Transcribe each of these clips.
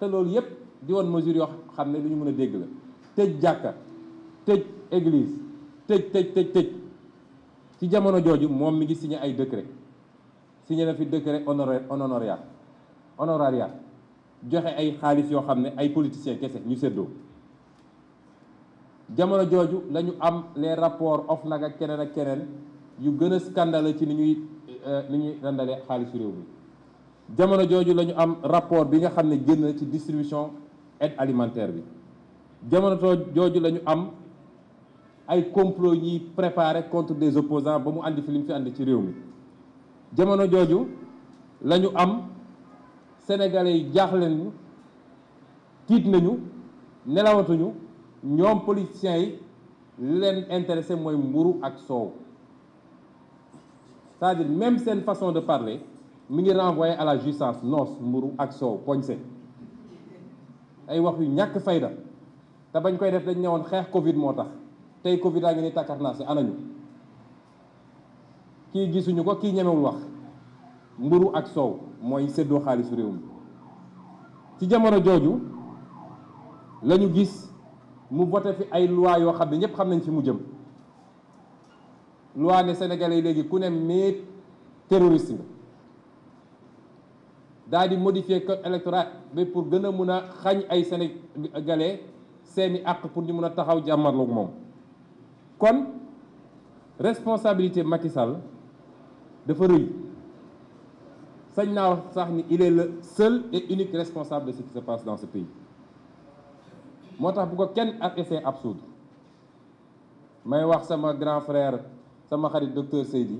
te loolu yëpp di won mesure yoo xam ne lu ñu mën a dégg la tëj jàkka tëj église tëj tëj tëj tëj ci jamono jooju moom mi ngi siñe ay décret signé na fi décret honoraire honorariat honorariat joxe ay xaalis yoo xam ne ay politiciens kese ñu séddoo jamono jooju lañu am am rapport rapports nag ak keneen ak keneen yu gën a scandale ci ni ñuy euh, ni ñuy xaalis xaalisu réew mi jamono jooju la ñu am rapport bi nga xam ne génn ci distribution aide alimentaire bi jamono jooju la ñu am ay complot yi préparé contre des opposants ba mu andi fi lim fi andi ci réew mi jamono jooju la ñu am sénégalais yi jaaxle nañu tiit nañu nelawatuñu ñoom politiciens yi leen intéressé mooy mburu ak soow cest dire même seen façon de parler mi ngi renvoyé à la justice noos mburu ak soow poñse ay wax yu ñàkk fayda te bañ koy def dañ ne woon xeex covid moo tax tey covid a ngi ni tàkkat naa si anañu kii gisuñu ko kii ñemewul wax mburu ak soow mooy séddoo xaalisu réew mi ci jamono jooju la gis mu voté fi ay loi yoo xam ne ñëpp xam nañ fi mu jëm loi ne sénégalais yi léegi ku ne mais terroriste nga daal di modifier code électoral bi pour gën a mun a xañ ay sénégalais seeni àq pour ñu mun a taxaw jàmmarloog moom kon responsabilité Macky Sall dafa rëy sañ naa sax ni il la le seul et unique responsable de ce qui se passe dans ce pays moo tax bu ko kenn ak essai absurde may wax sama grand frère sama xarit docteur Seydi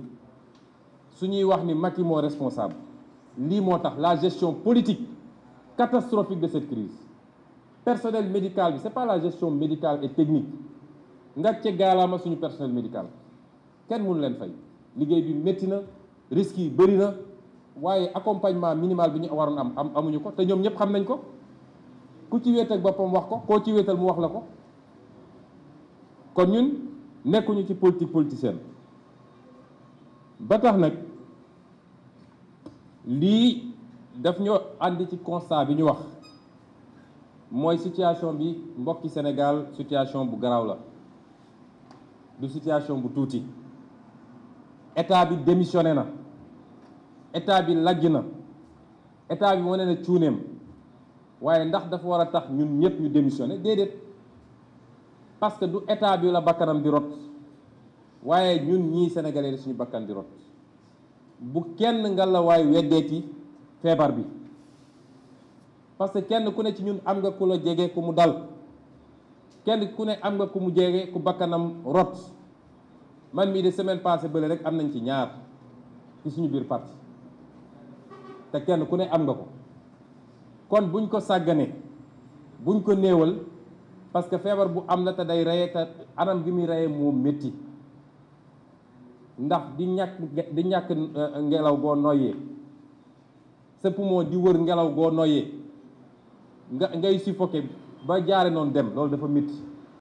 su ñuy wax ni Macky moo responsable lii moo tax la gestion politique catastrophique de cette crise personnel médical bi c'est pas la gestion médicale et technique ngàcce gaalaama suñu personnel médical kenn munu leen fay liggéey bi métti na risques yi bëri na waaye accompagnement minimal bi ñu waroon am am amuñu ko te ñoom ñëpp xam nañ ko ku ci wéet boppam wax ko koo ci wéetal mu wax la ko kon ñun nekkuñu ci politique politicienne ba tax nag lii daf ñoo ànd ci constant bi ñu wax mooy situation bi mbokki Sénégal situation bu garaw la du situation bu tuuti état bi démissionné na état bi lajj na état bi wane na cuuneem waaye ndax dafa war a tax ñun ñëpp ñu démissionné déedéet parce que du état bi la bakkanam di rot waaye ñun ñii sénégalais suñu bàkkan di rot bu kenn nga la waay weddeeti feebar bi parce que kenn ku ne ci ñun am nga ku la jege ku mu dal kenn ku ne am nga ku mu jege ku bakkanam rot man mii de semaine passée bële rek am nañ ci ñaar ci suñu biir parti te kenn ku ne am nga ko kon buñ ko sàgganee buñ ko néewal parce que feebar bu am na te day reye te anam gi muy reye moo métti ndax di ñàkk di ñàkk euh, euh, ngelaw goo noyyee sa poumon di wër ngelaw goo noyyee nga ngay suffoqué ba jaare noonu dem loolu dafa métti